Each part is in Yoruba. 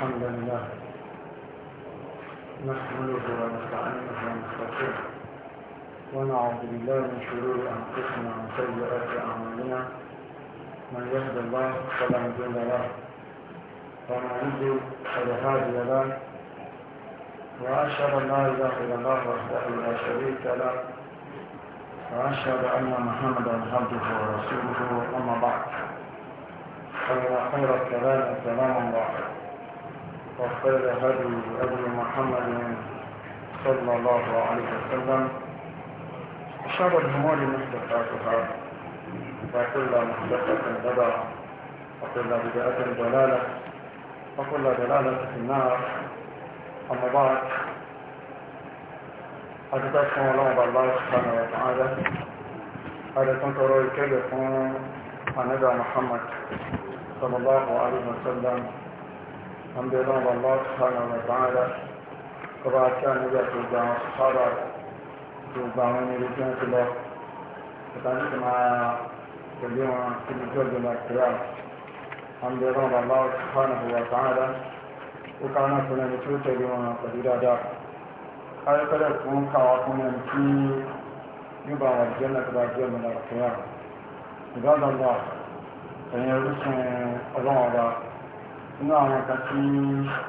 الحمد لله نحمده ونستعينه ونستغفره ونعوذ بالله من شرور انفسنا ومن سيئات اعمالنا من يهد الله فلا مضل له ومن يضلل فلا هادي له واشهد ان لا اله الا الله وحده لا شريك له واشهد ان محمدا عبده ورسوله اما بعد فإن خير الكلام كلام الله وخير هدي أبي محمد صلى الله عليه وسلم شر الأمور محدثاتها وكل محدثة بدعة وكل بدعة ضلالة وكل ضلالة في النار أما بعد أتذكر الله الله سبحانه وتعالى هذا كنت أرى الكذب عن نبي محمد صلى الله عليه وسلم الحمد لله الله سبحانه وتعالى ọba tí a nígbà tó gba àwọn sọ́ọ́bà tó gba àwọn ẹni tí wọ́n ti lọ ìta ní ti máa pẹ̀lú wọn tí ní jọ́jọ́ náà kíra àwọn ẹgbẹ́ ọba bá sọ́ọ́nà ìwà sàádá ó ká náà fún ẹni tí ó tẹ̀lé wọn pẹ̀lú dáadáa káyọ̀kẹ́lẹ̀ fún káwa fún ẹni tí nígbà wà jẹ́ náà tó bá jẹ́ ọmọ náà kíra ìbáàdàn náà ẹ̀yìn orísun ọlọ́wọ́n ọba inú àwọn ẹ̀ka tí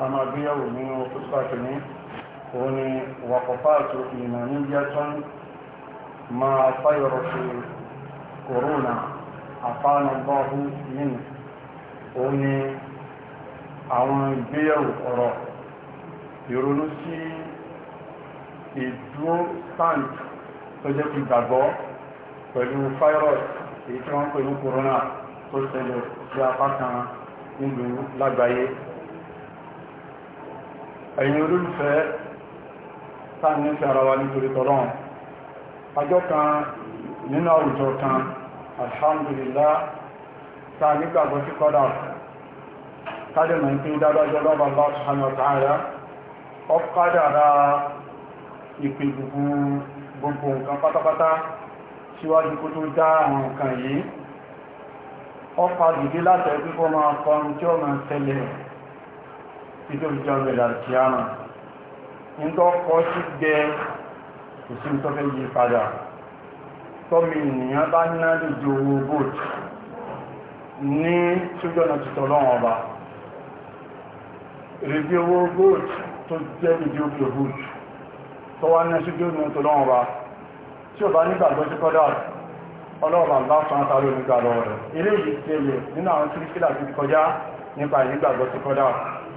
a máa gbéyàwó nínú kúrúkà kìíní òun ni wàkọ̀fà àti ìmọ̀ ní jẹ́tọ́n máa fáyọrọ̀ sí kòrónà àfánàbọ́ọ̀hú nínú òun ni àwọn ìgbéyàwó ọ̀rọ̀ ìrònú sí ìdúró stand tó jẹ́ ti gbàgbọ́ pẹ̀lú fáyọrọ̀ èyí tí wọ́n pẹ̀lú kòrónà tó ṣẹlẹ̀ sí apá kan nílùú lágbàáyé ẹ̀yin olólùfẹ́ táà ní ṣe ara wa nítorí tọ́lọ́run àjọ kan nínú àwùjọ kan alhamdulillah táà nígbàgbọ́ sí kọ́dà kádẹ̀mọ̀ tí ó dádájọ́ lọ́bà bá ṣùhánà tààrà ìpè gbogbo nǹkan pátápátá síwájú kó tó dá àwọn nǹkan yìí ọpa dìde láti ẹgbẹ́ kọ́ máa kọrin tí ó máa tẹ́lẹ̀ títí òjò ìrẹ̀lẹ̀ àti àmà nígbà ọkọ̀ sí gbẹ kò sí tó fẹ́ yí padà tọ́mi ènìyàn bá ní náà lè ju owó gold ní sójú ọ̀nà títọ́ lọ́wọ́ ọba rèébi owó gold tó jẹ́ ọlọ́ọ̀bà bá fún àtàrí olùgbà lọ́wọ́ rẹ̀ ilé yìí tí èyẹ nínú àwọn tíríkìlà ti kọjá nípa ìgbàgbọ́ ti kọjá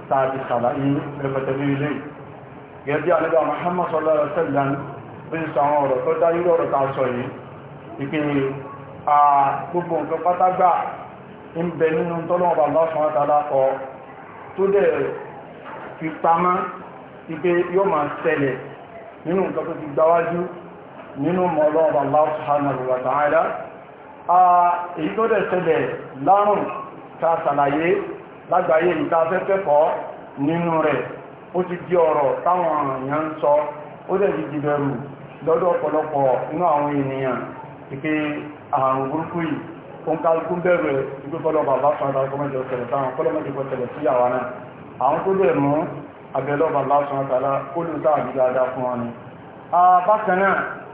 tàbí sàlàyé rẹpẹtẹ ní ilé gẹ́gẹ́ alẹ́gbà Muhammad sallallahu alaihi wasallam bí i sọ àwọn ọ̀rọ̀ tó dá irú ọ̀rọ̀ ta sọ yìí ìpè à gbogbo nǹkan pátágbà ń bẹ nínú tọ́lọ́ọ̀bà bá nínú nǹkan tó ti gbáwájú nínú mọ̀lọ́ọ̀bà Allah subhanahu wa ta'ala èyí tó dẹ̀ ṣẹlẹ̀ lárùn ta sàlàyé lágbàáyé ìtafẹ́fẹ́kọ́ nínú rẹ̀ ó ti di ọ̀rọ̀ táwọn èèyàn ń sọ ó dẹ̀ ti di bẹ̀rù lọ́dọ̀ ọ̀pọ̀lọpọ̀ inú àwọn ènìyàn pípé àrùn burúkú yìí ó ń kálukú bẹ̀rù ẹ̀ ìgbé fọ́lọ́bà Allah subhanahu wa ta'ala kọ́lọ́mẹ́jọ táwọn kọ́lọ́mẹ́jọ tẹ̀lẹ̀ sí àwọn náà àwọn tó dẹ̀ mú abẹ́lọ́bà Allah subhanahu wa ta'ala kó lù táà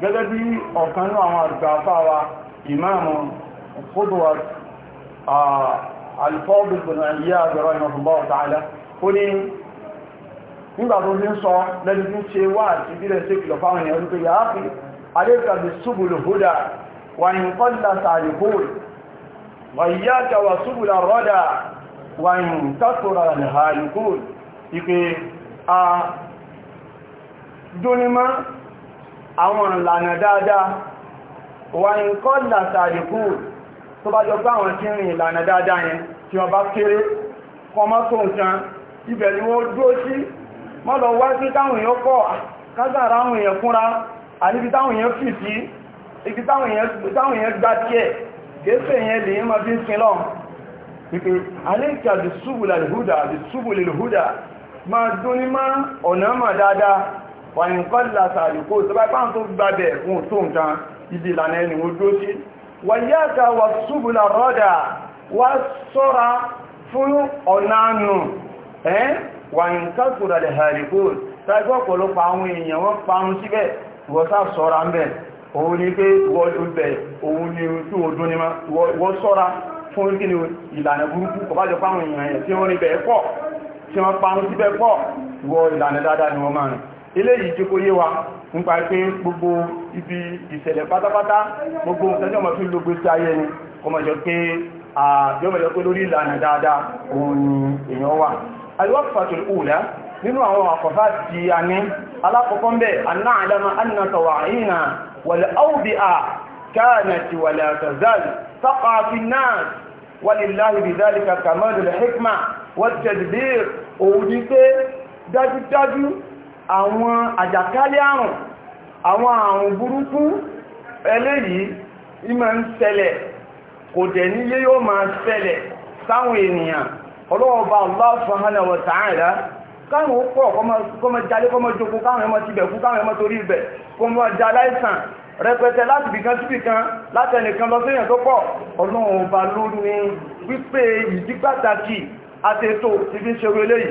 gẹ́gẹ́ bí ọ̀kan ní àwọn àgbàfáwa ìmáàmù fúdùwà alifọ́bùn àyíyá àgbẹ̀rọ ìmọ̀bùnbọ̀ ọ̀tàálá ó ní nígbà tó ní sọ lẹ́bí tí ṣe wà àti bílẹ̀ sí kìlọ̀ fáwọn ènìyàn wípé yàá fi adékàbí súbùlù húdà wà ní kọ́lá sàrìkúrì wà àwọn ìlànà dáadáa wà ń kọ́ látàríkù tó bá jọ pé àwọn tí ń rìn ìlànà dáadáa yẹn tí wọ́n bá kéré kọmọ́ tó nǹkan ibẹ̀ ni wọ́n dúró sí mọ́lọ wá sí táwọn èèyàn kọ́ ma pípé lèhúdà lèhúdà máa dún ní wọ́n ni kọ́ lásà àlùkò tọ́bá ipá tó gbàbẹ̀ fún tó nǹkan ibi ìlànà ẹni wọ́n dúró sí wàyíyàtà wà ṣùgbùnà rọ́dà wá sọ́ra fún ọ̀nàánù ẹ́ wà ní kásùrà lè wọ́n parun ń ni pé òun ni tí ma wọ́n sọ́ra ni ìlànà burúkú kọbájọ fáwọn èèyàn ẹ̀ tí wọ́n rí bẹ̀ pọ̀ tí wọ́n parun síbẹ̀ pọ̀ wọ ìlànà dáadáa ni wọ́n máa rìn eléyìí jẹ́ kó yé wa nípa pé gbogbo ibi ìṣẹ̀lẹ̀ pátápátá gbogbo ìtẹ́jú ọmọ fi ló gbèsè ayé ni kọmọjọ pé àjọmọjọ pé lórí ìlànà dáadáa òun ni èèyàn wà alwaqfatul ula nínú àwọn àkọ̀fà ti a ní alákọ̀ọ́kọ́ bẹ̀ annáàdáma annatawa àyínà wàlẹ̀ áwùbí a كانت ولا تزال تقع في الناس ولله بذلك كمال الحكمة والتدبير òun ni pé dájúdájú àwọn àjàkálẹ̀ àrùn àwọn àrùn burúkú eléyìí ìmọ̀ ń ṣẹlẹ̀ kò dẹ̀ níyé yóò máa ṣẹlẹ̀ sáwọn ènìyàn ọlọ́ọ̀bá Allah subhanahu wa ta'ala káwọn ó pọ̀ kọmọ jalé kọmọ jogun káwọn ẹmọ ti bẹ̀kú káwọn ẹmọ torí ibẹ̀ kọmọ jaláìsàn rẹpẹtẹ láti bìkan síbìkan látẹnìkan lọ síyàn tó pọ̀ ọlọ́ọ̀bá ló ní wípé ìdí pàtàkì àtẹ́tò ti fi ń ṣe eléyìí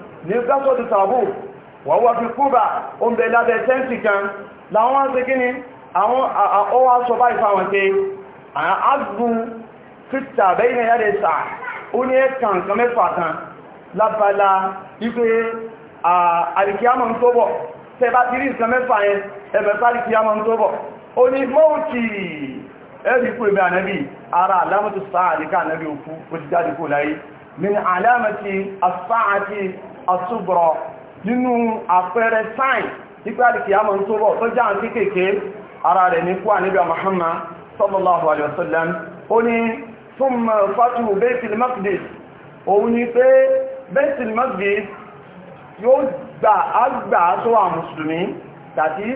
ní gásọ̀dù tàbù wọ́n wá fi kúbà o ń bẹ lábẹ́ tẹ́ǹtì kan láwọn wá sí kíní àwọn ọwá sọ bá ìfàwọn pé àgbùn fìtà bẹ́yìn yàrẹ̀ sà ó ní ẹ̀kàn kan mẹ́fà kan lábala ipé àríkíámọ̀ ń tóbọ̀ tẹ́ bá ti rí nǹkan mẹ́fà yẹn ara alámọ́tò sáà àríkà ànẹ́bì òkú ó ti jáde kó láyé min alámọ́tì asáàtì àtúbọ̀rọ̀ nínú àpẹẹrẹ sáìn nípa àdìkì àmọ́ tó bọ̀ tó já àti kéèké ara rẹ̀ ní kúwà níbi Muhammad sallallahu alaihi wasallam ó ní thumma fatu Baitul Maqdis òun ni pé Baitul Maqdis yóò gbà àgbà tó wà mùsùlùmí tàbí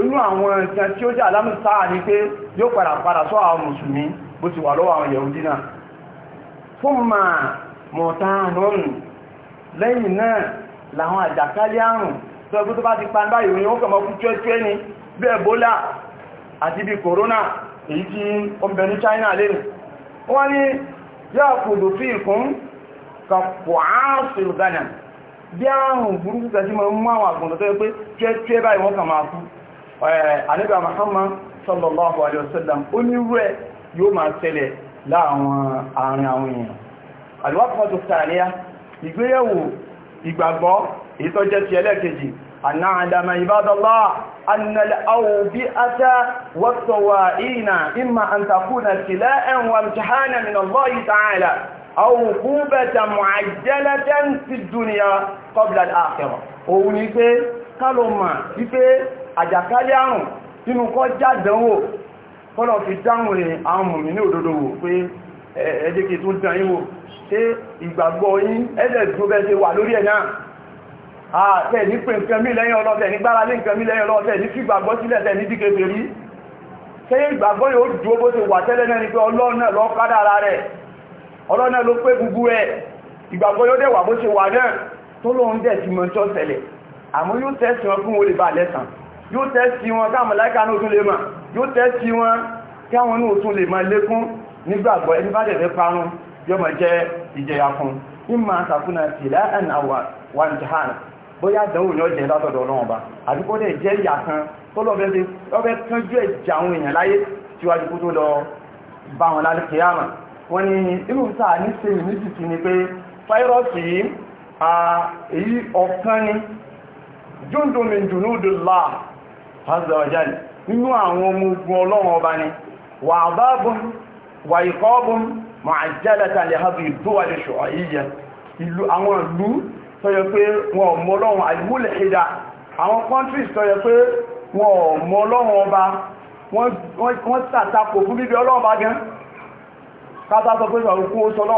inú àwọn nǹkan tí ó jẹ́ alámùsáà ní pé yóò padà padà sọ àwọn mùsùlùmí bó ti wà lọ́wọ́ àwọn yẹ̀hùdínà fún ma mọ̀tánùn lẹ́yìn náà làwọn àjàkálẹ̀ àrùn tó ẹgbẹ́ tó bá ti pan báyìí ó kọ̀mọ̀ kú tíẹ́tíẹ́ ni bí ẹ̀bólà àti bí kòrónà èyí tí ó ń bẹ ní China lẹ́nu wọ́n ní yóò kùdù fi ìkún kọ̀pọ̀ áàfin Ghana bí àrùn burúkú kẹsí Muhammad sallallahu alaihi wasallam onírú ẹ̀ yóò máa tẹ̀lẹ̀ láàrin àwọn èèyàn àdúwà ìgbéyẹ̀wò ìgbàgbọ́ ìtọ́jẹ́ ti ẹlẹ́kejì أن نعلم عباد الله أن الأوبئة والطوائين إما أن تكون ابتلاء وامتحانا من الله تعالى أو قوبة معجلة في الدنيا قبل الآخرة ونفي كلمة نفي àjàkálẹ̀ àrùn nínú kọ́ jádánwò kọ́lọ̀ fi dáhùn àwọn mùmí ní òdòdó wò pé ẹ̀ẹ́dẹ́kì tó dán yíwò ṣe ìgbàgbọ́ yín ẹ̀dẹ̀ tó bẹ́ ṣe wà lórí ẹ̀yà àtẹ́ ní pé nǹkan mí lẹ́yìn ọlọ́tẹ̀ ní gbára lé nǹkan mí lẹ́yìn ọlọ́tẹ̀ ní fìgbàgbọ́ sílẹ̀ tẹ̀ ní díkẹ́ fèrí ṣe ìgbàgbọ́ yóò dúó bó ṣe wà tẹ́lẹ̀ náà ni pé Ọlọ́run náà ló kádàrá rẹ̀ Ọlọ́run náà ló pé gbogbo ẹ̀ ìgbàgbọ́ yóò dẹ̀ wà bó ṣe wà náà tó lóun dẹ̀ ti mọ̀ tó ṣẹlẹ̀ àmọ́ yóò tẹ́sí wọn fún olè bà lẹ́sàn yóò tẹ́sí wọn káàmù láìka náà tún lè mọ̀ yóò tẹ́sí wọn káwọn náà tún lè mọ̀ ẹni bá dẹ̀ parun yóò máa ìjẹyà fún ìmọ̀ àtàkùnà ìlẹ́ ẹ̀n àwọn ìjìhàn bóyá àdánwò ní ọjẹ́ látọ̀dọ̀ ọlọ́run ọba àdúgbò dẹ̀ jẹ́ ìyà kan tó tánjú ẹ̀jà àwọn èèyàn láyé tíwájú kó tó lọ bá wọn lálẹ́ kìíyàmà wọ́n ni mọ̀ájálẹ́ta lè hábi ìdówà lè ṣọ̀ ayíyẹ ìlú àwọn ìlú tó yẹ pé wọn mọ Ọlọ́run àìmúlẹ̀ ìdá àwọn countries tó yẹ pé wọn mọ Ọlọ́run ọba wọ́n tàtàkò fún bíbí Ọlọ́run bá gan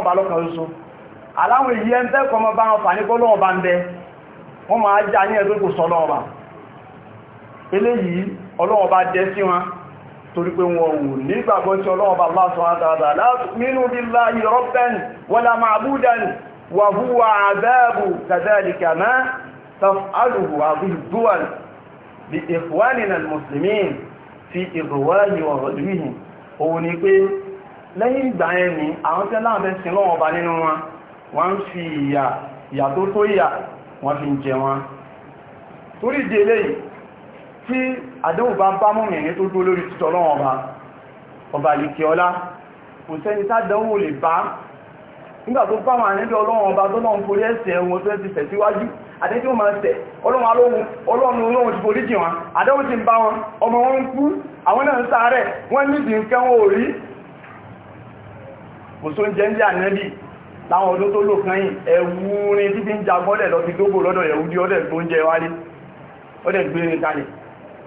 bá lọ́kàn sí wọn torí pé wọn ò nígbàgbọ́ tí ọlọ́run bá Allah subhanahu wa ta'ala la tu'minu billahi rabban wala ma'budan wa huwa adhabu kadhalika ma taf'aluhu hadhihi ad-duwal bi ikhwanina al-muslimin fi ìrọ̀wáyé ọ̀rọ̀lúwìhìn òun ni pé lẹ́yìn ìgbà yẹn wọ́n ń fi ìyà tó tó ìyà wọ́n fi ń jẹ torí ìdí eléyìí tí àdánwò bá ń bá mọ́rin ẹ̀yẹ tó dúró lórí títọ́ lọ́wọ́ ọba ọba ìlìkì ọlá kò sẹ́ni tádánwò lè bá nígbà tó bá wọn àníbẹ̀ ọlọ́run ọba tó náà ń forí ẹ̀sẹ̀ wọn tó ti tẹ̀ síwájú àdéjì wọn máa tẹ̀ ọlọ́run alóhun ọlọ́run olóhun ti forí jì wọn àdánwò ti ń bá wọn ọmọ wọn ń kú àwọn náà ń sáré wọn níbi nǹkan wọn ò rí kò sóúnjẹ ń jẹ ànẹ́bì láwọn ọdún tó lò kan yìí ẹ̀wù rin títí ń jagbọ́dẹ̀ lọ fi dógbò lọ́dọ̀ ẹ̀wù di ọdẹ̀ tó ń jẹ wálé ọdẹ̀ gbé e kalẹ̀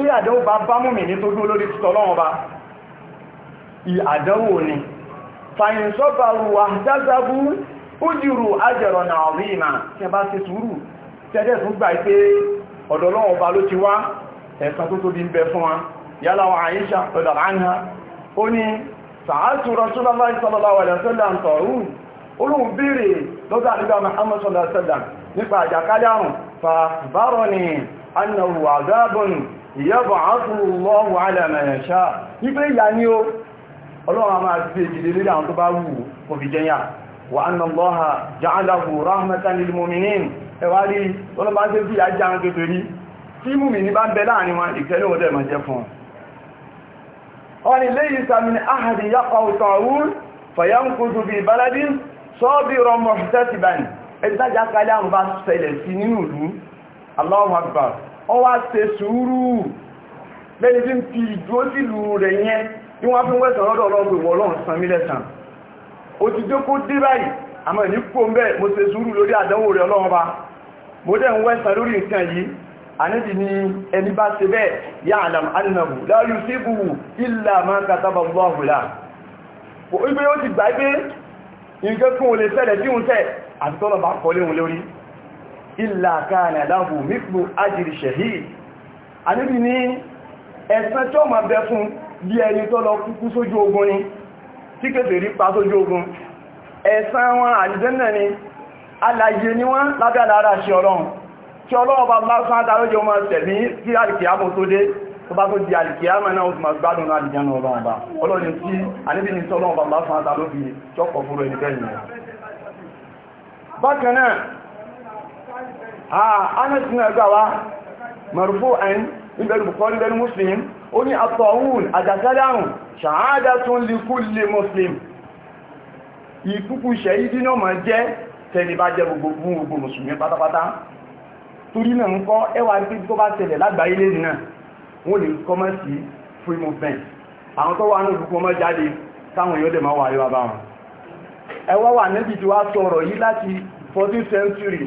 tí àdánwò bá bá mú mi ní tó dún lórí tọ́lọ́wọ́n bá àdánwò ni fàyínsọ́bàrù wà dázábú ó jùrù ajẹ̀rọ̀ nà ọ̀rí ìmà tí a bá ti sùúrù tẹ́jẹ̀ tún gbà pé ọ̀dọ̀lọ́wọ́n bá ló ti wá ẹ̀sán tó tóbi ń bẹ fún wa yálà wa àyíṣà ọ̀dọ̀ àánà ó ní sàátù rasúlọ́láì sọ́lọ́láwà ìyọ́bọ̀ àátùrùwọ́ wàhálà mẹ́rẹ̀ṣá wípé ìyà ní ó ọlọ́run a máa gbé ìdílé lórí àwọn tó bá wù kò fi jẹyà wà ánà lọ́ha ja'alahu rahmatan lil mu'minin ẹwàrí ọlọ́bá tẹ́ fi àjá ń kéfè rí tí mùmìnì bá ń bẹ láàrin wọn ìkẹ́lẹ̀ òdẹ̀ mọ̀ jẹ́ fún ọ ni lẹ́yìn sàmìn ahàdì yàkọ̀ bá sẹlẹ̀ Allahu akbar ọ wá ṣe sùúrù lẹ́ni tí ń fi ìdúró sílù rẹ̀ yẹn tí wọ́n fi wẹ́sàn lọ́dọ̀ ọlọ́run ìwọ̀ ọlọ́run san mí lẹ́san ó ti dé kó dé báyìí àmọ́ ìní kó ń bẹ́ mo ṣe sùúrù lórí àdánwò rẹ̀ ọlọ́run ba mo dẹ̀ ń wẹ́sàn lórí nǹkan yìí àníbi ni ẹni bá ṣe bẹ́ẹ̀ yá àdàm annahu la yusibuhu illa ma kataba Allahu lahu ìgbé ó ti gbà pé nǹkan kún olè ṣẹlẹ̀ tí òun tẹ̀ àti tọ́lọ̀ bá kọ́lé òun illa kana lahu mithlu ajri shahid àníbi ní ẹ̀san tí ó máa bẹ fún bí ẹni tó lọ kúkú sójú ogun ni tí kèfèrí pa sójú ogun ẹ̀san wọn àlìjẹ́nà ni alàyè ni wọ́n lábẹ́ alára ṣe ọlọ́run tí ọlọ́run bá bá sán àtàrójẹ ọmọ tẹ̀mí sí àlìkìyàmù tó dé tó bá tó di àlìkìyàmù anas ní ẹgbà wá marfu'an ìbẹ̀rù bukhari bẹ̀rù muslim ó ní àtọ̀hún àjàkálárùn shahadatun li kulli muslim ìkúkú ṣẹ̀yí dínà ma jẹ́ tẹni bá jẹ́ gbogbo mùsùlùmí pátápátá torí náà ń kọ́ ẹwà rí tó bá ṣẹlẹ̀ lágbàáyé lè náà wọ́n lè kọ́ mọ́ sí free movement àwọn tó wà ní olùkú ọmọ jáde táwọn èèyàn dẹ̀ máa wà yóò bá wọn ẹwà wà nẹ́bì tí wá sọ̀rọ̀ yìí láti 14th century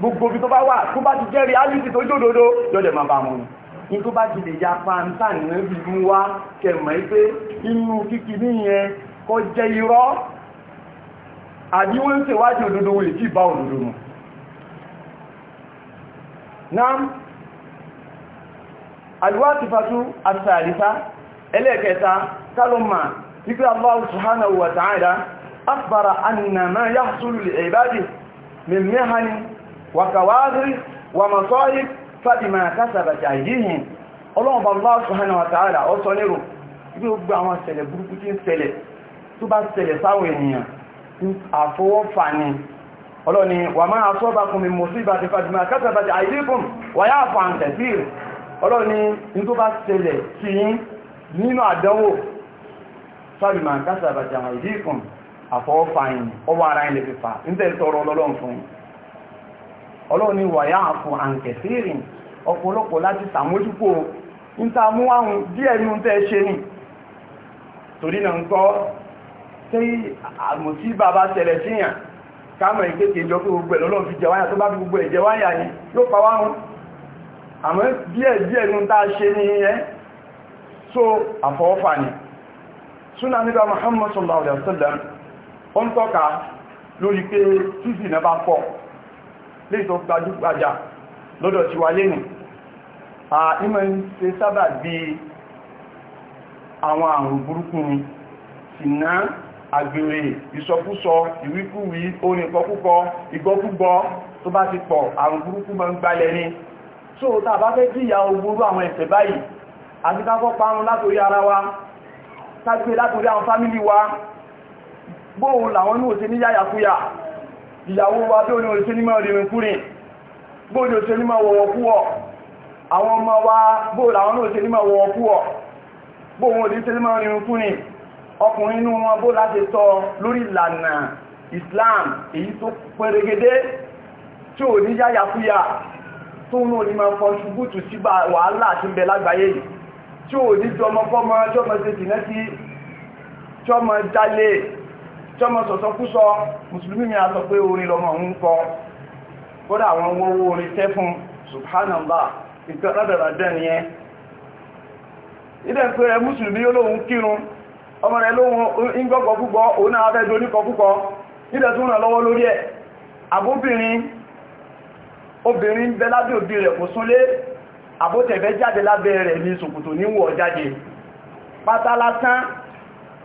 gbogbo bí tó bá wà tó bá ti jẹ́ reality tó jódodo yọ́dẹ̀ máa bá ní tó bá ti lè ya nínú ibi wá kẹmọ̀ inú kọ jẹ́ irọ́ àbí wọ́n ń tẹ̀wádìí òdodo wọ́n èjì bá òdodo mọ̀ náà alwákìfàtú àtàrífà ẹlẹ́ẹ̀kẹta kálọ́mà wípé Allah subhanahu wa ta'ala akbara wakawadhi wa masahib fabima kasabat aydihim Ọlọ́run ba Allah subhanahu wa ta'ala ó sọ nírú bí ó gbà àwọn ṣẹlẹ̀ burúkú tí ń ṣẹlẹ̀ tó bá ṣẹlẹ̀ sáwọn ènìyàn wa ma asabakum min musibati bata kasabat aydikum wa ya'fu an ọwọ́ ara ilẹ̀ tọrọ fún ọlọ́run ni wàyá àfò àǹkẹ̀sírìn ọ̀pọ̀lọpọ̀ láti sàmójúkò ń ta mú àwọn díẹ̀ nínú tẹ́ ṣe ní torí náà ń kọ́ tí àmùsí bàbá tẹ̀lẹ̀ síyàn káàmọ̀ ìkéèké jọ pé gbogbo ẹ̀lọ́lọ́n fi jẹwáyà so àfọwọ́fà ni súnà nígbà Muhammad sallallahu alaihi wasallam ó ń tọ́ka lórí pé títì náà bá pọ̀ lè tó gbajúgbajà lọ́dọ̀ ti wà lẹ́nu àìmọ̀ ń ṣe sábà bí àwọn àrùn burúkú ni ṣìnà àgbèrè ìsọkúsọ ìwíkúwí orin pọ̀púpọ̀ ìgbọ́kúgbọ́ tó bá ti pọ̀ àrùn burúkú máa ń gbalẹ̀ ni so tá bá fẹ́ jìyà ogoro àwọn ẹ̀ṣẹ̀ báyìí àti kákọ́ wa kágbé látorí àwọn fámílì wa ìyàwó wa tó ní oṣe nímọ̀ rìnrìn kúrin bóòdó oṣe nímọ̀ wọ̀wọ̀ púọ̀ àwọn ọmọ wa bóòdó àwọn oṣe nímọ̀ wọ̀wọ̀ púọ̀ bóòdó oṣe nímọ̀ rìnrìn kúrin ọkùnrin inú wọn bó láti sọ lórí ìlànà Islam èyí tó pẹ̀rẹ̀gẹ́dẹ́ tí ò ní yáyàkúyà tó ń ní ma fọ́ ṣubútù sí wàhálà àti ìbẹ̀ lágbàáyé yìí tí ò ní jọmọ fọ́mọ tí ọmọ ṣe tìnẹ́ sí tí ọmọ jálẹ̀ tọ́mọ sọ̀sọ́ kú sọ mùsùlùmí mi pé orin lọmọ ń kọ kódà owó orin tẹ́ fún subhanallah ìkẹ́ rádàrádà ni ẹ́ ilẹ̀ pé ẹ mùsùlùmí olóhun kírun ọmọ rẹ̀ lóhun ingọ́kọ̀ púpọ̀ òun náà fẹ́ púpọ̀ ilẹ̀ lọ́wọ́ lórí ẹ̀ àbóbìnrin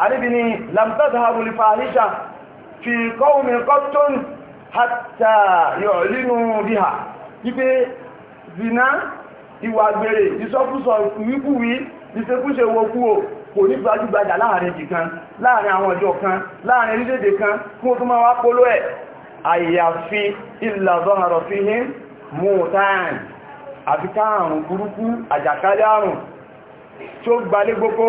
àríbìní lamtadhabu li fahisha fi qawmin qattun hatta yu'linu biha wípé zina ìwà gbèrè ìsọkúsọ wíkúwí ìṣekúṣe wokúwò kò ní gbajúgbajà láàrin jìkan láàrin àwọn ọjọ́ kan láàrin orílẹ̀-èdè kan kí wọ́n tún máa wá póló ẹ̀ àyàfi illa zahara fihim mùtáàn àfi káàrùn burúkú àjàkálẹ̀ àrùn tí ó gbalé gbogbo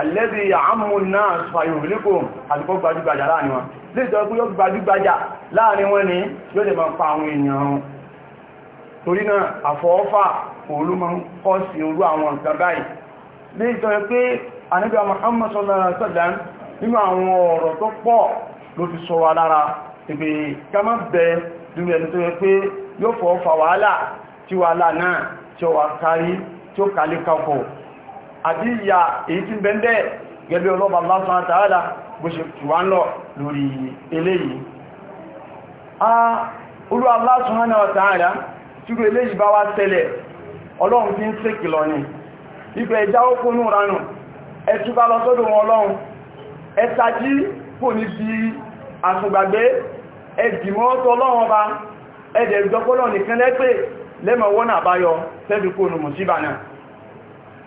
alẹ́bí àmú náà fàyò líkò àtìkọ́ gbajúgbajà láàrin wọn lè jọ pé yóò gbajúgbajà láàrin wọn ni yóò lè máa pa àwọn èèyàn torí náà àfọ́ọ́fà òòlú máa ń kọ́ sí orú àwọn nǹkan báyìí lè jọ pé ànábì Muhammad sallallahu alaihi wasallam nínú àwọn ọ̀rọ̀ tó pọ̀ ló fi sọ wa lára ìgbè ká má bẹ lórí ẹni tó yẹ pé yóò fọ́ tí ó wà àbí ìyà èyí tí ń bẹ ń bẹ́ gẹ́gẹ́ ọlọ́ba lásán àtàrà bó ṣe tùwá ń lọ lórí eléyìí olú aláṣùhánà ọ̀tàrà tí ó eléyìí bá wá tẹ́lẹ̀ ọlọ́run fi ń sèkì lọ ní ibẹ̀ ìjáwó kónú ránù ẹ̀tùbá lọ sọ́dọ̀ wọn ọlọ́run ẹ̀tàjí kò ní mùsíbà náà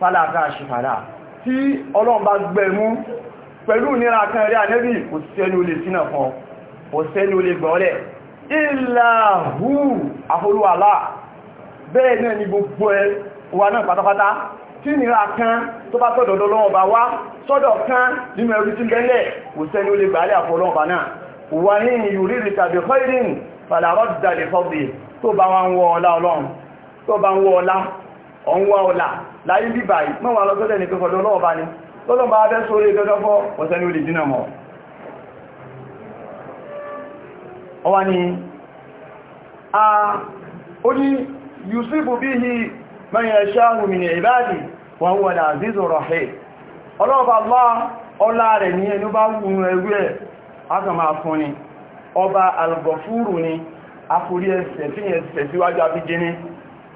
fálàkà ṣìfàdà tí ọlọ́run bá gbẹ̀mú pẹ̀lú nira kan rí ànẹ́bì kò sẹ́ni olè sínà fún kò sẹ́ni olè gbọ́ọ̀lẹ̀ ìlàhù àfolúwàlá bẹ́ẹ̀ náà ni gbogbo ẹ wà náà pátápátá tí nira kan tó bá tọ́dọ̀ lọ́wọ́ bá wá sọ́dọ̀ kan nínú ẹrù tí bẹ́lẹ̀ kò sẹ́ni olè gbàálẹ̀ àfolọ́ọ̀bá náà wà ní ìyúrí ìrìtàbí kọ́ ìrìn fàlàrọ̀ dàlẹ̀ fọ́bì tó bá wá ń wọ ọlá ọlọ́run tó bá ń wọ ọlá ọ̀nwá ọ̀là láyé bíbà yìí mọ́wàá lọ sọ́dẹ̀ ní pẹ́kọ̀ọ́dọ́ ọlọ́ọ̀bá ni lọ́lọ́bá abẹ́ sórí gẹ́gẹ́ fọ́ ọ̀sẹ́ ni ó lè dínà mọ́ ọwá ni a ó ní yusufu bí i mẹ́yẹ̀ ṣáhùn ní ọla niile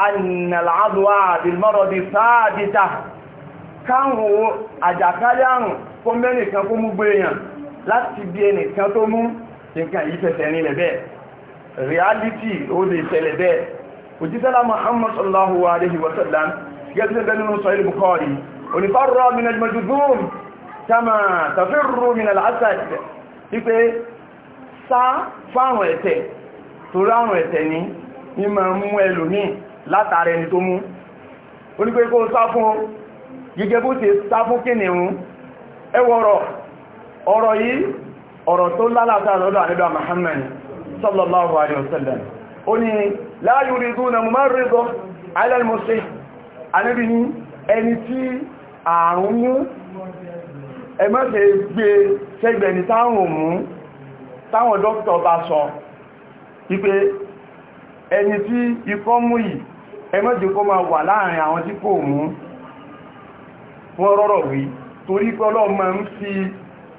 أن العضوى بالمرض ثابتة káwọn àjàkálẹ̀ àrùn kó mẹ́nìkan kó mú gbé èèyàn láti bí ẹnìkan tó mú nǹkan yìí fẹ̀sẹ̀ ní lẹ̀bẹ̀ reality ó lè tẹ̀lẹ̀ bẹ́ òjísẹ́lá Muhammad sallallahu alaihi wasallam gẹ́gẹ́ bẹ́ẹ̀ nínú sahih Bukhari onífàrọ́ min al-majzum kama tafirru min al-asad wípé sá fáwọn ẹ̀tẹ̀ torí àrùn ẹ̀tẹ̀ ní ní máa mú ẹlòmíì látàrí ẹni tó mú onígbé kó sá fún gígẹ́ bó ti sá fún kìnnìún ẹwọ́rọ̀ ọ̀rọ̀ yìí ọ̀rọ̀ tó lálàtà lọ́dọ̀ àníbà Muhammad sallallahu alaihi wasallam ó ní la yuriduna mumarrido ala al-musih àníbì ní ẹni tí àrùn mú ẹmọ́sẹ̀ gbé sẹ́gbẹ̀ni táwọn mú táwọn dókítà bá sọ wípé ẹni tí ikọ́ mú yìí ẹmọ́jù kó máa wà láàrin àwọn tí kò mú wọ́n rọ́rọ̀ wí torí pé Ọlọ́run máa ń fi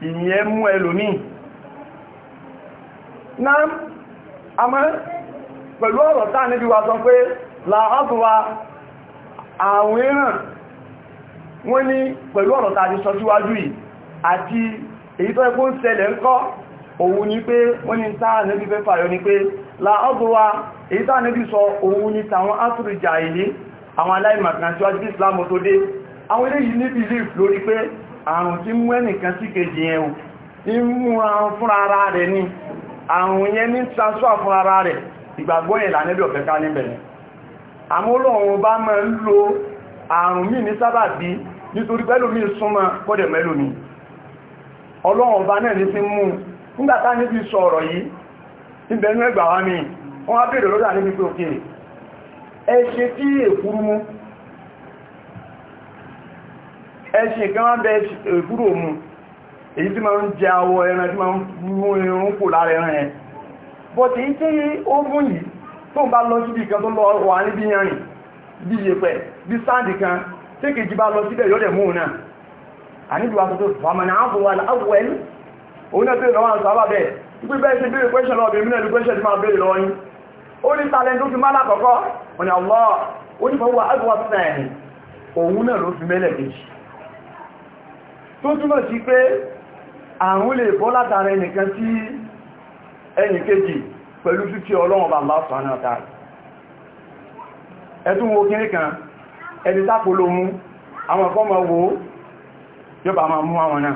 ìyẹn mú ẹlòmíì náà àmọ́ pẹ̀lú ọ̀rọ̀ táà níbi wa sọ pé làásùwa àwọn èèyàn wọ́n ní pẹ̀lú ọ̀rọ̀ tàà ti sọ síwájú yìí òun ni pé wọ́n ni táà nẹ́bí fẹ́ fàyọ ni pé láàbùwá èyí táà nẹ́bí sọ òun ni tàwọn áfíríjà ìní àwọn aláìmọ̀kan tí wájú Islam tó dé àwọn eléyìí ní belief lórí àrùn tí ní mú àrùn fún ara rẹ̀ ni àrùn yẹn ní transfer fún ara rẹ̀ ìgbàgbọ́ yẹn lànẹ́bí ọ̀fẹ́ ká níbẹ̀ ni àmọ́ Ọlọ́run bá náà ní sí mú nígbàtá níbi sọ ọ̀rọ̀ yìí ìbẹ̀nú ẹgbà wá ní wọ́n á bèèrè lọ́dà níbi pé òkè ẹṣẹ́ tí èkúrú mú ẹṣẹ́ kan wá bẹ èkúrú òmù èyí tí ma ń jẹ awọ ẹran tí ma ń mú irun kò lára ẹran ẹ bọ́tí ń tí ó mú yìí tó ń bá lọ síbi kan tó lọ wà níbi yanrìn bí yẹpẹ̀ bí sáàdì kan tí òun náà tẹ́lẹ̀ lọ́wọ́ àṣà bàbẹ̀ ipi bẹ́ẹ̀ sí bíi kwẹ́ṣẹ̀ lọ́wọ́ bíi mílẹ̀ kwẹ́ṣẹ̀ tí máa bèèrè lọ́wọ́ yín ó ní talent ó fi má lákọ̀ọ́kọ́ òní àwọ̀ ó ní fọwọ́ àgbọ̀ sẹ́ẹ̀nì òun náà ló fi mẹ́lẹ̀ kejì tó túmọ̀ sí pé àrùn lè bọ́ látara ẹnìkan tí ẹnì kejì pẹ̀lú títí ọlọ́run bàbá sọ̀rọ̀ náà ta ẹtún wo kiri kan ẹni tápolo mú àwọn ọkọ̀ mọ̀ wo yóò bá máa mú àwọn náà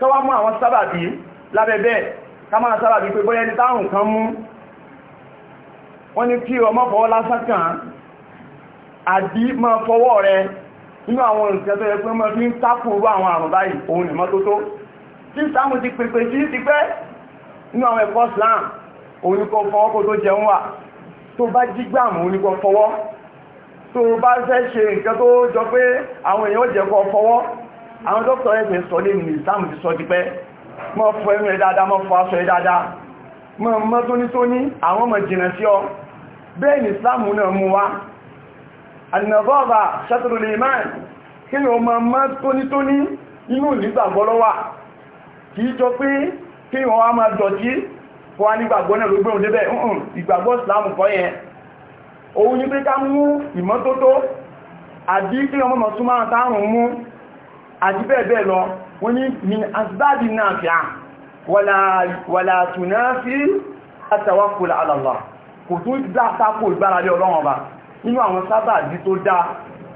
káwá mú àwọn sábàbí lábẹ́bẹ́ ká máa sábàbí pé bóyá ní táàrùn kan mú wọ́n ní kí ọmọ fọwọ́ lásán kan àbí máa fọwọ́ rẹ inú àwọn nǹkan tó yẹ pé mọ́ fi ń tápùrú àwọn àrùn báyìí òun ni mọ́tótó tí sáàmù ti pèpè sí ti pẹ́ inú àwọn ẹ̀kọ́ slam òun kọ fọwọ́ kó tó jẹun wà tó bá jígbàmù òun kọ fọwọ́ tó bá fẹ́ ṣe nǹkan tó jọ pé àwọn èèyàn jẹ́ fọwọ́ àwọn dókítà ẹ̀sẹ̀ sọ lé ní ìsáàmù ti sọ dípẹ́ mọ́ fọ ẹnu ẹ dáadáa mọ́ fọ aṣọ ẹ dáadáa mọ́ mọ́ tónítóní àwọn ọmọ jìnà sí ọ bẹ́ẹ̀ ní ìsáàmù náà mú wá ànàbọ́ọ̀bà ṣàtúrùlé imáàn kí ni ọmọ mọ́ tónítóní inú ìgbàgbọ́ lọ́wà kì í jọ pé kí wọ́n wá máa dọ̀tí kọ́ wá nígbàgbọ́ náà ló gbé òun débẹ̀ ǹkan ìgbàgbọ́ ìsìláàmù kọ́ yẹn òun ní pé ká mú ìmọ́tótó àbí kí ọmọ mọ̀ súnmọ́ àtàrùn àti bẹ́ẹ̀bẹ́ẹ̀ lọ wọ́n ní min asbábi náà fi àn wàlá túnná fi àtàwákùlà alàlá kò tún dátakò ìgbáralé ọlọ́run ọba nínú àwọn sábàbí tó dá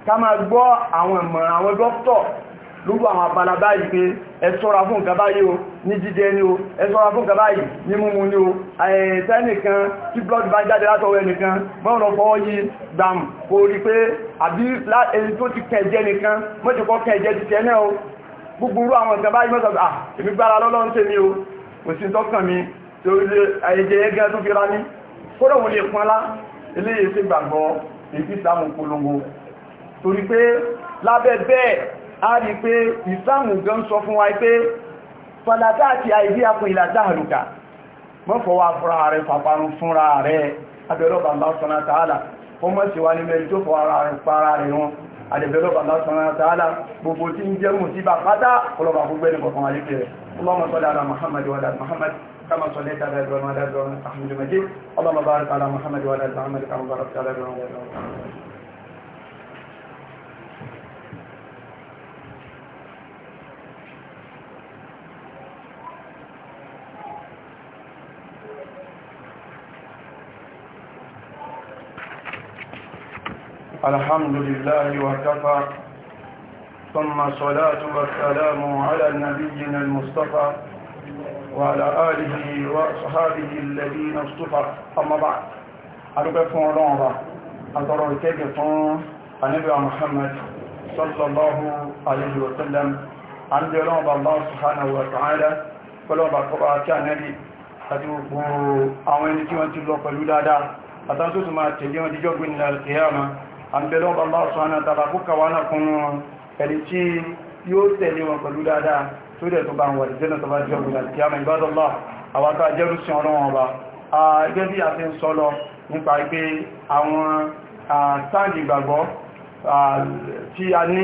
ká máa gbọ́ àwọn ìmọ̀ràn àwọn dókítọ̀ lúgbọ́ àwọn abala báyìí pé ẹ ṣọ́ra fún nǹkan báyìí o ní jíjẹ ní o ẹ ṣọ́ra fún nǹkan báyìí ní mímu ní o ẹ̀ẹ́sẹ́nìkan tí blood bá jáde látọwọ́ ẹnìkan mọ́rọ̀ fọwọ́ yí gbàm kò rí pé àbí ẹni tó ti kẹjẹ nìkan mọ́jọ́kọ́ kẹjẹ ti tẹ́ náà o gbogbo àwọn nǹkan báyìí mọ́sọ̀ à ah, èmi gbára lọ́lọ́run tẹ́ mi o kò sí tọ́kàn mi tó ilé ẹ̀jẹ̀ yẹn gan tó fi ra ní kódà wọn lè pọ́nlá eléyìí sí gbàgbọ́ èyí sí ìsàmù polongo torí pé lábẹ́ bẹ́ẹ̀ a rí pé ìsáàmù gan sọ fún wa pé fàlàtà àti àìdí àpò ìlàtà àrùkà mọ́fọ̀wà fúnra rẹ̀ pàparun fúnra rẹ̀ abẹ́lọ́bà lásánà tààlà ó mọ́ sí wá ní mẹ́rin tó fọ́ra rẹ̀ para rẹ̀ wọn àdẹ̀bẹ́lọ́bà lásánà tààlà gbogbo tí ń jẹ́ mù sí bà pátá ọlọ́bà gbogbo ẹni kọ̀kan àyíkẹ́ rẹ̀ اللهم صل على محمد وعلى محمد كما صليت على ابراهيم وعلى ابراهيم حميد مجيد اللهم بارك على محمد وعلى محمد كما باركت على ابراهيم وعلى ابراهيم الحمد لله وكفى ثم صلاة والسلام على نبينا المصطفى وعلى آله وصحابه الذين اصطفى أما بعد أربكم الله أدروا الكيكتون النبي محمد صلى الله عليه وسلم عند جلوب الله سبحانه وتعالى فلوبا قبعة كان نبي أدوكم أعوين كما تلوك لولادا أتنسوا ما تليون دي جوب من àbẹ̀lọ́wọ́ bàbá ọ̀sán àtàbàkúkà wà náà fún wọn ẹni tí yóò tẹ̀lé wọn pẹ̀lú dáadáa tó dẹ̀ tó bá wọn wọ̀lẹ̀ jẹ́nà tó bá jẹ́ ògùn àti àmà ìbádọ́lá àwátá jẹ́rùsìn ọlọ́wọ́n ọba gẹ́gẹ́ bí a ti ń sọ lọ nípa pé àwọn sáàdì ìgbàgbọ́ tí a ní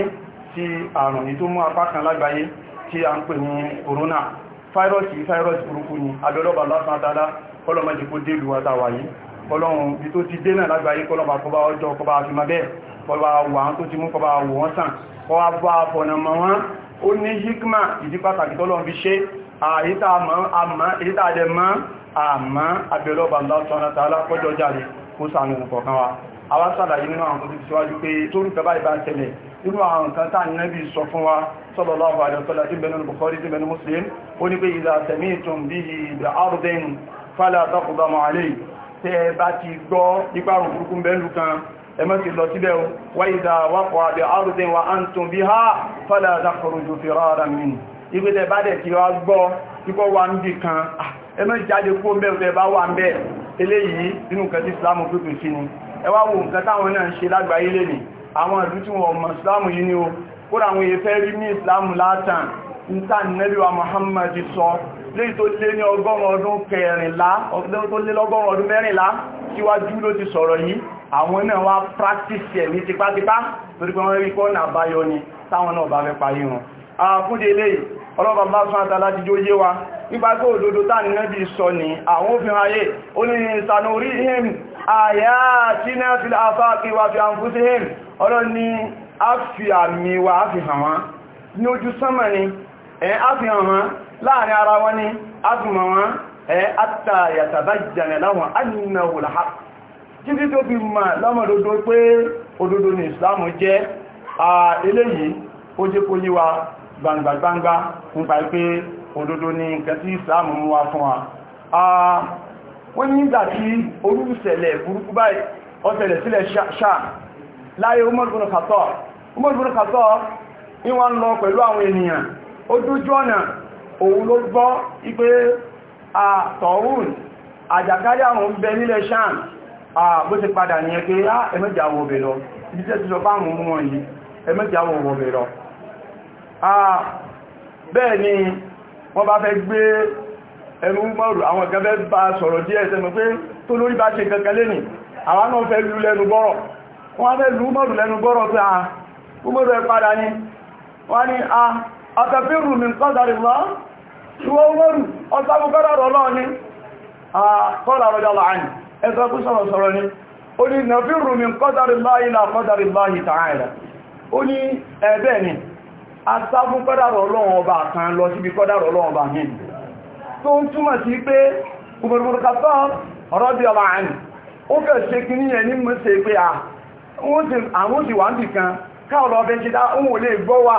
ti àrùn yìí tó mú apá kan lágbàáyé tí a corona fáírọ̀sì fáírọ̀sì burúkú ni abẹ́lọ́bà lásán dáadáa ọlọ́mọdé kó dé ìlú wa táwa kọlọ́run bí tó ti dé náà lágbàáyé kọlọ́bà kọba ọjọ́ kọba àfimà bẹ́ẹ̀ kọba wà tó ti mú kọba wò wọ́n sàn kọwa bá fọ̀nà mọ̀ wọ́n ó ní hikma ìdí pàtàkì tọ́lọ́run fi ṣe àyíta àmọ́ àmọ́ abẹ́lọ́bà lọ́tọ́nà irú àwọn nǹkan tàà nẹ́bí sọ fún wa sallallahu alaihi wasallam tí bẹnu Bukhari tí bẹnu Muslim ó ní pé idha sami'tum bihi bi fala taqdamu alayhi tẹ́ ẹ bá ti gbọ́ nípa àrùn burúkú bẹ́ẹ̀lú kan ẹmọ́ ti lọ síbẹ̀ wáyìdá wápọ̀ àbẹ̀ àrùdẹ̀ wa á ń tún bí ha fọ́lá àdákọrùjù fìrọ́ ara mi ìgbẹ́lẹ̀ bá dẹ̀ ti wá gbọ́ kíkọ́ wa ń bì kan ẹmọ́ ìjáde kó mẹ́rẹ̀ bá wà ń bẹ́ eléyìí nínú nǹkan tí islamu pípẹ̀ sí ni ẹwà wo nǹkan táwọn náà ń ṣe lágbàáyé lè ní àwọn ìlú tí wọ́n yìí ni léyìí tó lé ní ọgọ́rùn ọdún kẹrìnlá tó lé lọ́gọ́rùn ọdún mẹ́rìnlá síwájú ló ti sọ̀rọ̀ yìí àwọn náà wá practice ẹ̀ ní tipátipá torí pé wọ́n rí kọ́ náà báyọ ni táwọn náà bá fẹ́ parí wọn àkúndé léyìí ọlọ́pàá bá sún àtàlá jíjó yé wa nípa kó òdòdó táà nínú bí sọ ayé ó ní ìsànà orí him àyà tí náà fi àfáàkì ni a fi ojú sánmà ni ẹ̀ áfihàn wọn láàrin ara wọn ni áfihàn wọn ẹ̀ àtà yàtàbá jẹ̀rẹ̀ láwọn annáwòlá títí tó fi mà lọ́mọdodo pé òdodo ni ìsìláàmù jẹ́ eléyìí ó jẹ́ kó yíwa gbangba-gbangba nípa pé ni nǹkan tí ìsìláàmù mú wá fún wa wọ́n ní ìgbà tí olúṣẹ̀lẹ̀ burúkú báyìí ọ̀sẹ̀lẹ̀ sílẹ̀ ṣáà láyé Umar ibn Khattab Umar ibn Khattab ìwọ̀n lọ pẹ̀lú àwọn ènìyàn ó dójú ọ̀nà òun ló gbọ́ ipé àtọ̀hún àjàkálẹ̀ àwọn ń bẹ nílẹ̀ sham bó ti padà ní ẹgbẹ́ ẹmẹ́jà wọ bẹ̀ lọ ìdíjẹ́ ti sọ fáwọn mú wọn yìí ẹmẹ́jà wọ wọ bẹ̀ lọ bẹ́ẹ̀ ni wọ́n bá fẹ́ gbé ẹnu mọ́rù àwọn ìgbẹ́ bá sọ̀rọ̀ díẹ̀ sẹ́mọ̀ pé tó lórí bá ṣe kankan lẹ́nì àwọn náà fẹ́ lú lẹ́nu bọ́rọ̀ wọ́n fẹ́ lú mọ́rù lẹ́nu bọ́rọ̀ pé à àtàfíìrù mi kọ́dàrí lọ ṣíwọ́ wọ́rù ọ̀sàkùnkọ́dàrọ̀ ọlọ́ọ̀ ni àkọ́lá rọjá láàáyì ẹgbẹ́ kú sọ̀rọ̀ sọ̀rọ̀ ni ó ní nàfíìrù mi kọ́dàrí láìlà kọ́dàrí láì tààrà ó ní ẹ̀bẹ̀ ni àtàkùnkọ́dàrọ̀ ọlọ́ọ̀ ọba kan lọ síbi kọ́dàrọ̀ àwọn òsì ń bì kan ọbẹ̀ ṣe dá ò lè gbọ́ wà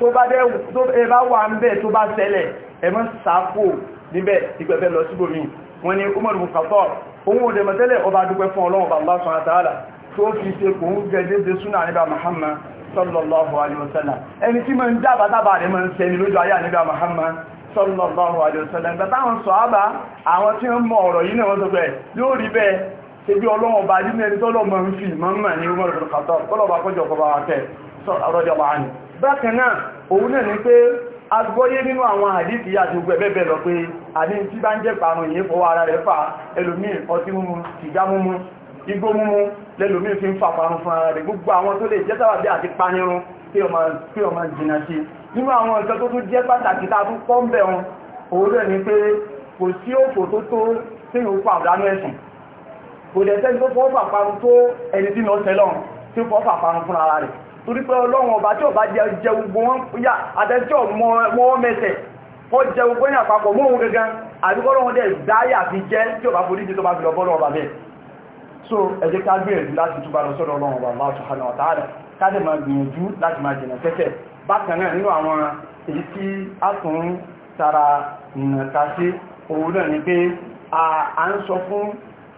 tó bá dẹ́ ẹbá wà ń bẹ́ tó bá ṣẹlẹ̀ ẹmọ́ sàápò níbẹ̀ ìgbẹ̀fẹ́ lọ síbòmí wọ́n ni Umar bukatọ́ ohun òdè mọ̀tẹ́lẹ̀ ọba dúpẹ́ fún ọlọ́run Allah subhanahu wa ta'ala tó fi ṣe kò ń gẹ̀dẹ́dẹ́ súnà níbà Muhammad sallallahu alaihi wasallam wasallam gbàtà àwọn sọ̀hábà àwọn tí ń mọ ọ̀rọ̀ yìí náà wọ́n tó bẹ̀ yóò rí bẹ́ẹ̀ ṣebí ọlọ́run ọba nínú ẹni tọ́lọ́ mọ̀ ń fi mọ̀ mọ̀ ní Umar bukatọ́ kọ́lọ̀ bá kọjọ ọkọ̀ bá wà tẹ̀ sọ̀rọ̀ ọjọ́ bá ní bákan náà òun náà ni pé agbóyé nínú àwọn àdíkì àti ogun ẹ̀bẹ̀bẹ̀ lọ pé àní tí bá ń jẹ́ parun yìí fọwọ́ ara rẹ̀ fà ẹlòmíì ọtí múmu ìgbá múmu igbó múmu lẹ́lòmíì fi ń fà parun fún ara rẹ̀ gbogbo àwọn tó lè jẹ́ sábàbí àti panirun tí ọmọ jìnà sí nínú àwọn nǹkan tó tún jẹ́ pàtàkì tá a tún pọ́ ń bẹ̀ wọn òun rẹ̀ ni pé kò sí òfò tó tó tí ìhùn fà dánú ẹ̀sùn kò dẹ̀ sẹ́ni tó fọ́ fà parun tó ẹni tí lọ sẹ́lọ̀ tí ó fọ́ fà torí pé ọlọ́run ọba tí ọba jẹ gbogbo wọn yà àtẹ́jọ́ mọ́ mẹ́sẹ̀ wọ́n jẹ gbogbo yà papọ̀ mọ́ ohun gangan àbíkọ́lọ́run dẹ̀ dáyà fi jẹ́ tí ọba forí jẹ́ tó bá fi lọ bọ́lọ́ ọba bẹ́ẹ̀ so ẹ jẹ́ ká gbìyànjú láti túbà lọ sọ́dọ̀ ọlọ́run ọba Allah subhanahu wa ta'ala ká dẹ̀ máa gbìyànjú láti máa jìnà tẹ́tẹ̀ bákan náà nínú àwọn èyí tí a tún tara nìkan sí òun náà ni pé à ń sọ fún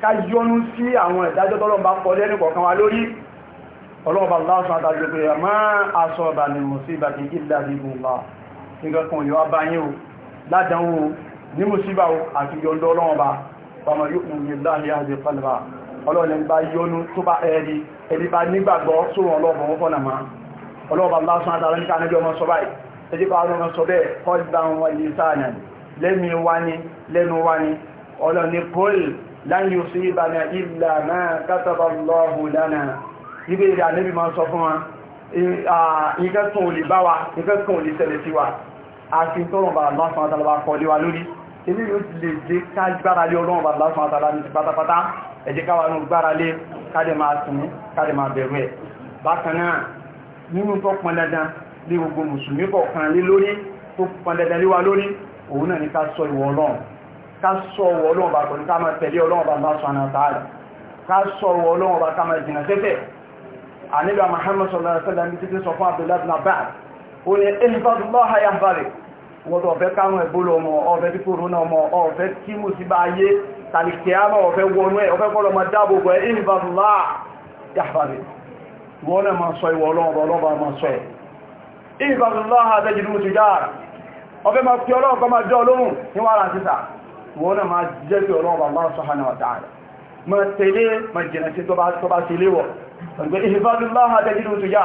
ká yọnú sí àwọn ìdájọ́ tọ́lọ́run bá kọ lẹ́nu kọ̀ọ̀kan wa lórí ọlọ́ọ̀bá lásán àtàjọ pé ma asaba min musibati illa bi Allah nígbà kan yọ abáyé o ládánwò ní mùsíbà o àti yọndọ́ ọlọ́ọ̀bá pàmà yóò mú ní láàrin àti pàlùbà ọlọ́ọ̀lẹ́ bá yọnú tó bá ẹ̀rí ẹ̀rí bá nígbàgbọ́ sóhun ọlọ́ọ̀bọ̀ fọ́nà máa ọlọ́ọ̀bá lásán àtàrà níka níjọ ọmọ sọ báyìí ẹjí bá ọlọ́run sọ bẹ́ẹ̀ kọ́ lan yusibana illa ma kataba Allahu lana ibe ya àníbì máa sọ fún wa nǹkan kan ò lè bá wa nǹkan kan ò lè ṣẹlẹ̀ sí wa àti tọ́rọ̀ bá lásán àtàlàbà kọlé wa lórí ilé le ti lè jẹ́ ká gbára lé ọlọ́run bá lásán àtàlà ní pátápátá ẹ jẹ́ káwà ní gbára lé káàdẹ máa sùn káàdẹ máa bẹ̀rù ẹ̀ bákan náà nínú tó pọn dandan lé gbogbo mùsùlùmí kọ̀ọ̀kan lé lórí tó pọn dandan lé wa lórí òun náà ní ká sọ ìwọ ọlọ́run ká sọ̀rọ̀ ọlọ́run bá pẹ̀lú ká máa tẹ̀lé ọlọ́run bá bá sọ̀nà tààrà ká sọ̀rọ̀ ọlọ́run bá ká máa jìnà tẹ́tẹ̀ àníbà Muhammad sallallahu alaihi wasallam títí sọ fún Abdullahi bin Abbas ó ní ihfazullaha yahfazuk wọ́n tó ọ̀fẹ́ káwọn ẹ̀bólò ọmọ ọ̀fẹ́ tí kòrónà ọmọ ọ̀fẹ́ tí mú sí bá ayé tàbíkìyàmọ̀ ọ̀fẹ́ wọnú ẹ̀ ọ̀fẹ́ kọ́lọmọ dáàbòbò ẹ̀ ìhìbàbùlá yàfàrí wọ́n náà ma sọ ìwọ̀ ọlọ́ọ̀bọ̀ ọlọ́ọ̀bọ̀ wọ́n náà máa jẹ́rì ọlọ́run Allah subhanahu wa ta'ala ma tẹ̀lé ma jìnà sí tó bá tẹ̀lé wọ̀ ọ̀gbẹ́ ìfẹ́lúláhà tẹ́jìlú tó yá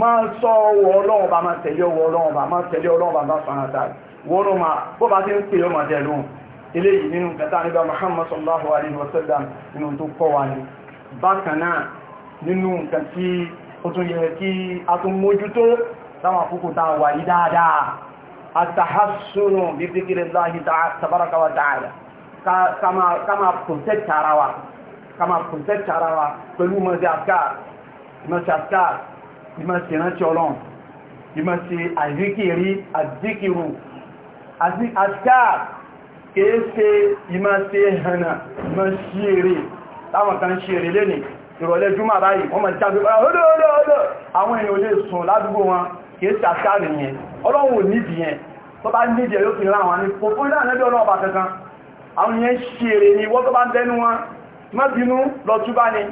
ma sọ ọwọ́ ọlọ́run bá ma tẹ̀lé ọwọ́ ọlọ́run bá ma tẹ̀lé ọlọ́run bá subhanahu wa àtàhásùnù bí fíkiri láhì tàbárakà wa ta'ala ká máa kùntẹ́ tara wa ká máa kùntẹ́ tara wa pẹ̀lú mọ́sí àkàr ìmọ̀sí àkàr ìmọ̀sí ìrántí ọlọ́run ìmọ̀sí àzíkìrí àzíkìrù àkàr kìí ṣe ìmọ̀sí hànà ìmọ̀sí èrè táwọn kan ṣe èrè lénìí ìrọ̀lẹ́ júmà báyìí wọ́n mọ̀ jáde ọlọ́ọ̀lọ́ àwọn èèyàn olè ọlọ́run ò nídìí yẹn tó bá ní ìjẹ̀ yóò fi ní kankan àwọn ṣèrè ni wọ́n ni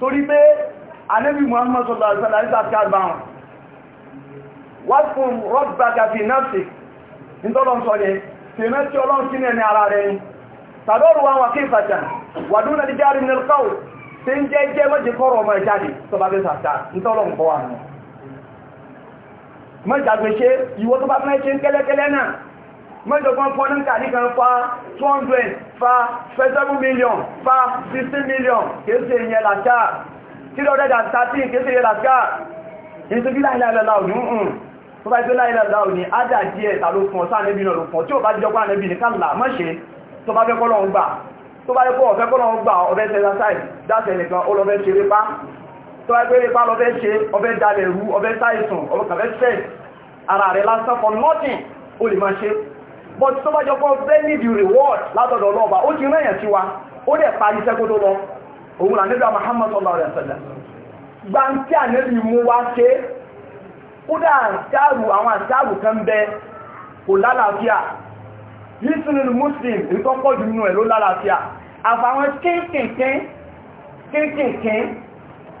torí pé anẹ́bí Muhammad sallallahu alaihi wasallam a gbà wọn wá fún rọ́gbàgà fi nọ́ọ̀sì nítọ́lọ́sọ̀lẹ̀ tèmẹ́ tí ọlọ́run sínú ẹni ara rẹ̀ ni tàbọ́rù wọn wà kí ìfàjà wàdún náà di járe mọ́jàgbé ṣe ìwọ tó bá fẹ́ ṣe kẹ́lẹ́kẹ́lẹ́ náà mọ́jọ̀gbọ́n fún ọdún kàdí kan fa 200 fa 7 million fa 16 million kéèsè ìyẹn làṣà 313 kéèsè ìyẹn làṣà ìtòbí láìláìlá òní ń tó bá ìtòbí láìláìlá òní ádà díẹ̀ tà ló fún ọ̀sá níbi náà ló fún tí ó bá jọ pàánà níbi nìkan là mọ́ṣe tó bá fẹ́ kọ́lọ́ tó ẹgbẹ́rẹ́ pá lọ fẹ́ ṣe ọfẹ́ dalẹ̀ rú ọfẹ́ sáìsùn ọlọ́kàfẹ́ stress ara rẹ̀ lásán for nothing ó lè máa ṣe but tó bá jọ pọ́ fẹ́ need you reward látọ̀dọ̀ ọlọ́ọ̀bá ó ti rẹ̀yàn sí wa ó dẹ̀ parí sẹ́kó lọ òun là nígbà Muhammad sallallahu alaihi wasallam muslim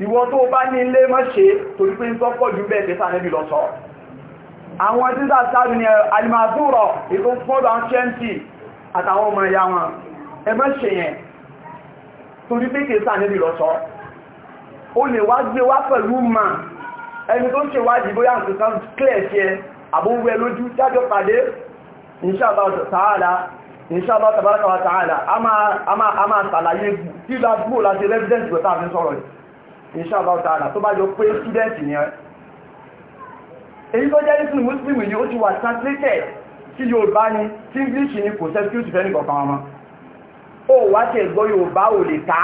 ìwọ tó bá ní ilé mọ́ ṣe torí pé ń tọ́pọ̀ jù bẹ́ẹ̀ tẹ́sà níbi lọ sọ àwọn tí sá sáàrù ní alìmàdúrọ̀ ètò fọ́dọ̀ ṣẹ́ntì àtàwọn ọmọ ìyá wọn ẹ mọ́ ṣe yẹn torí pé tẹ́sà níbi lọ sọ ó lè wá gbé wá pẹ̀lú mà ẹni tó ṣe wádìí bóyá nǹkan clear ṣe àbúwẹ lójú jájọ pàdé inṣàlá tààlà inṣàlá tàbárakà wa tààlà a máa ṣàlàyé kí lágbó láti rẹ́fidẹ́ntì pẹ̀tà àfi sọ̀rọ̀ yìí inshallah ta'ala tó bá yọ pé student ni ẹ́ èyí tó jẹ́ ìsìn muslim ni ó ti wà translated tí Yorùbá ni tí English ni kò sẹ́kúrìtì fẹ́ nìkọ̀kan ọmọ ó wá tẹ̀ gbọ́ Yorùbá ò lè ká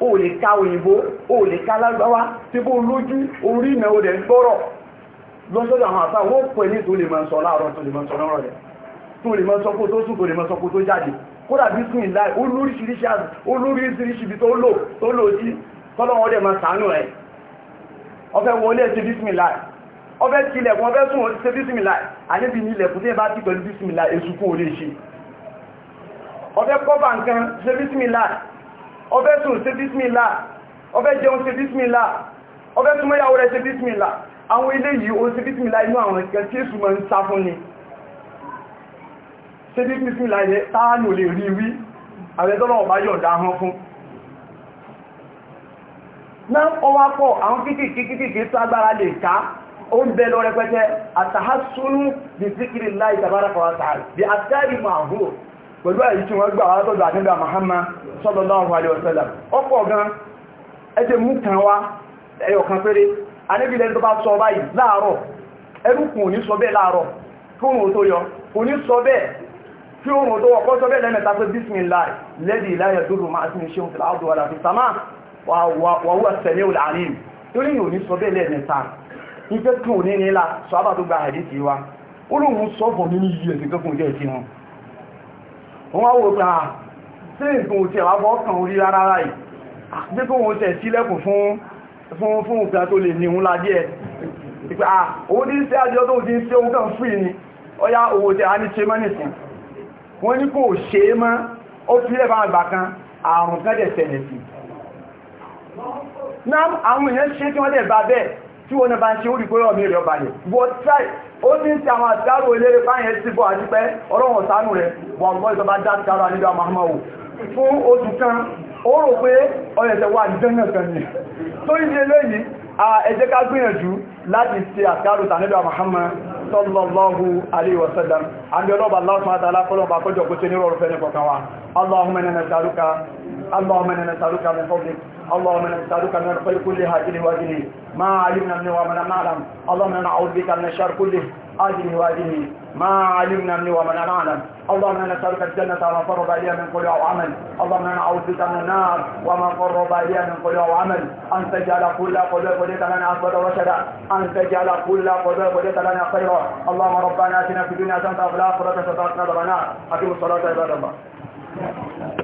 ó lè ká òyìnbó ó lè ká lágbáwá tí bó lójú orí ìmẹ̀ ó dẹ̀ ń gbọ́rọ̀ lọ́sọ́dọ̀ àwọn àṣà wọ́n pẹ̀ ní tó lè mọ́ sọ láàárọ̀ tó lè mọ́ sọ lọ́rọ̀ rẹ̀ tó lè mọ́ sọ kó tó sùn tó lè mọ́ sọ kó tó jáde kódà bí sùn ìlà olóríṣiríṣi ibi tó lò tó lò sí tọ́lọ́wọ́ dẹ̀ ma sàánù ẹ̀ ọfẹ́ wọlé ṣe bísmìláì ọfẹ́ tilẹ̀kùn ọfẹ́ sùn ṣe bísmìláì àníbi ní ilẹ̀kùn tí ẹ bá ti pẹ̀lú bísmìláì èsùkú olè ṣe ọfẹ́ kọ́bà nǹkan ṣe bísmìláì ọfẹ́ sùn ṣe bísmìláì ọfẹ́ jẹun ṣe bísmìláì ọfẹ́ súnmọ́yàwó rẹ̀ ṣe bísmìláì àwọn ilé yìí ó ṣe bísmìláì inú àwọn nǹkan tí èsù mọ́ ń sá fún ni ṣe bísmìláì yẹ táà náà ó wá pọ̀ àwọn kíkìkì kíkìkì tó agbára lè ká ó ń bẹ lọ rẹpẹtẹ àtàhásúnú bí síkìrì láì tàbára kọwàá tààrí bí àtàrí máa hù pẹ̀lú èyí tí wọ́n gbà wá tọ́jú àdínbà Muhammad sallallahu alaihi wasallam ọ̀pọ̀ gan ẹjẹ́ mú kan wá ẹyọ kan péré anẹ́bìlẹ̀ tó bá sọ báyìí láàárọ̀ ẹrùkùn ò ní sọ bẹ́ẹ̀ láàárọ̀ fóòrùn tó yọ kò ní sọ bẹ́ẹ̀ tí ó rùn tó wọ́pọ̀ sọ lẹ́mẹ̀ta pé bísmìlá lẹ́dì ìláyẹ̀ tó rùn máa sí ṣe òun tìlá wàhúwà sẹ̀lẹ̀ olàrin torí yìí ò ní sọ bẹ́ẹ̀ lẹ́ẹ̀mẹ́ta ìfẹ́ kí ò ní nílá sọ àbá tó gba àdí ti wa olóhun sọ́fọ̀ nínú yìí ẹ̀sìn tó fún jẹ́ ìtì wọn wọ́n wá wò pé à ah, sí nǹkan òtí ẹ̀wà bọ́ kan orí rárá ráì àti kó wọn tẹ̀ sílẹ̀kùn fún fún fún òpin tó lè níhun ládé ẹ̀ ìpé à owó ní sí ah, àjọ tó ti ń sí ohun kan fún ìní ọya owó tẹ̀ á ní ṣe mọ́nìsìn wọ́n ní kò ṣe é mọ́ ó fi lẹ́bàá àgbà kan àrùn kan dẹ̀ ṣẹlẹ̀ sí náà àwọn èèyàn ṣe kí wọ́n lè bá bẹ́ẹ̀ tí wọ́n náà bá ń ṣe orígbóyọ̀ mi rẹ̀ balẹ̀ wọ́n tráì ó ní ti àwọn àtàrò eléré báyẹn sí bọ́ àti pé ọlọ́run sánú rẹ̀ wọ́n mọ́ ìjọba dá tààrà nílò àmàmàwò fún oṣù kan ó rò pé ọ̀yẹ̀sẹ̀ wà jẹ́nà kan ní torí ní eléyìí ẹ jẹ́ ká gbìyànjú láti ṣe àtàrò tànílò Muhammad sallallahu alaihi wasallam àmì ọlọ́ba lásán àtàlá fọ́lọ́ba kọjọ kó ṣe ní rọrùn fẹ́ ní kọ̀kan wa Allahumma inna nas'aluka اللهم انا نسالك من فضلك اللهم انا نسالك من الخير كل هاجله واجله ما علمنا منه وما لم نعلم اللهم انا نعوذ بك من الشر كله اجله واجله ما علمنا منه وما لم نعلم اللهم انا نسالك الجنه وما قرب اليها من قول او عمل اللهم انا نعوذ بك من النار وما قرب اليها من قول او عمل ان تجعل كل قول قلت لنا اصبر رشدا ان تجعل كل قول قلت لنا خيرا اللهم ربنا اتنا في الدنيا حسنه وفي الاخره حسنه وقنا عذاب النار الصلاه عباد الله